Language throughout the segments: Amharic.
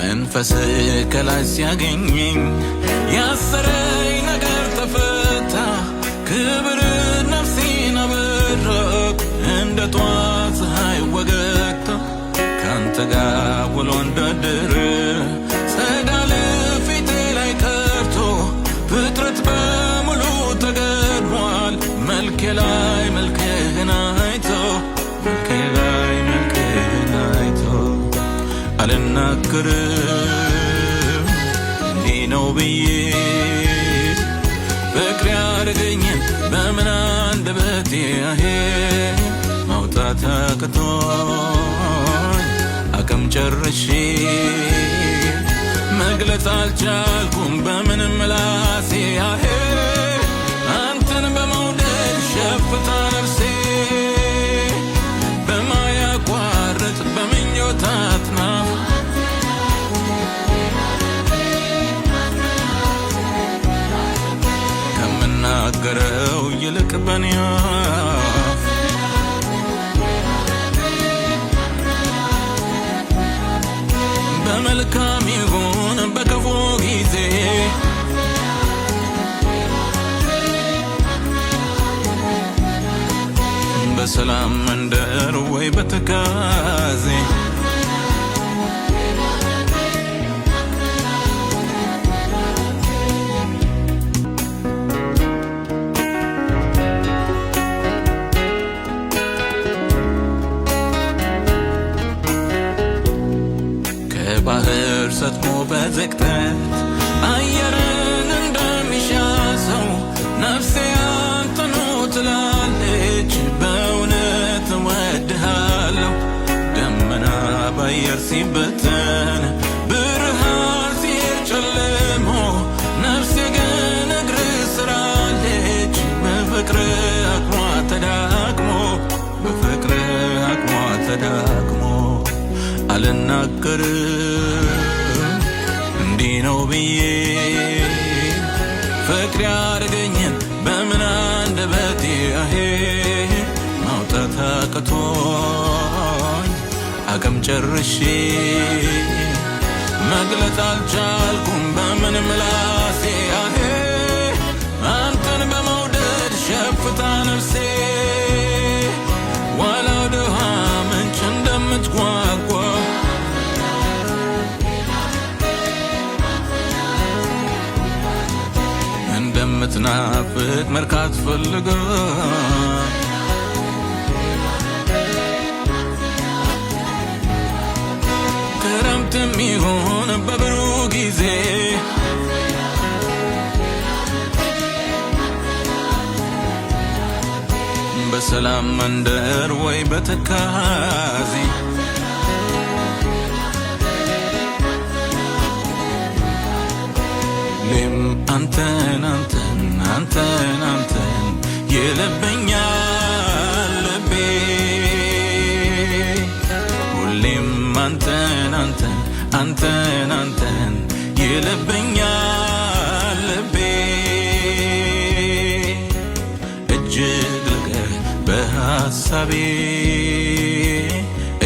መንፈስ ከላይ ሲያገኘኝ ያሰረኝ ነገር ተፈታ። ክብር ነፍሴን አበራኩ እንደ ጠዋት ፀሐይ ወገግታ ካንተ ጋር ውሎ እንዳደረ ጸዳል ፊቴ ላይ ቀርቶ ፍጥረት በሙሉ ተገድሟል። መልኬ ላይ መልክህና ፍቅር እንዲህ ነው ብዬ ፍቅር ያደረገኝን በምን አንደበቴ ያሄ ማውጣት አቅቶኝ አቅም ጨርሼ መግለጽ አልቻልኩም በምንም ምላሴ አሄ አንተን በመውደድ ሸፍታነ ከሚናገረው ይልቅ በኒያ በመልካም ይሁን በክፉ ጊዜ በሰላም መንደር ወይ በትካዜ ሰጥሞ በዘግተት አየርን እንደሚሻሰው ነፍሴ አንተኑ ትላለች። በእውነት ወድሃለሁ ደመና በአየር ሲበተን ብርሃን ሲር ነፍሴ ግን እግር ስራለች። በፍቅር አቅሟ በፍቅር አቅሟ ብዬ ፍቅር ያደረገኝን በምን አንደበቴ አሄ ማውጣት አቅቶኝ አቅም ጨርሼ መግለጽ አልቻልኩም በምን ምላሴ አሄ የምትናፍቅ መርካት ፈልገ ክረምት የሚሆን በብሩህ ጊዜ በሰላም መንደር ወይ በተካዜ ሁሌም አንተን አንተን አንተን ይልብኛል ልቤ ሁሌም አንተን አንተን አንተን አንተን ይልብኛል ልቤ እጅግ ልቀህ በሀሳቤ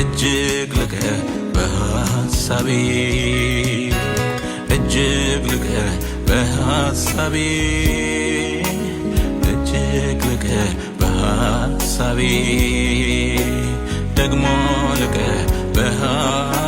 እጅግ ልቀህ በሀሳቤ እጅግ ልቀህ በሀሳቤ ልቅልቅ በሐሳቤ ደግሞ ልቀ በሐ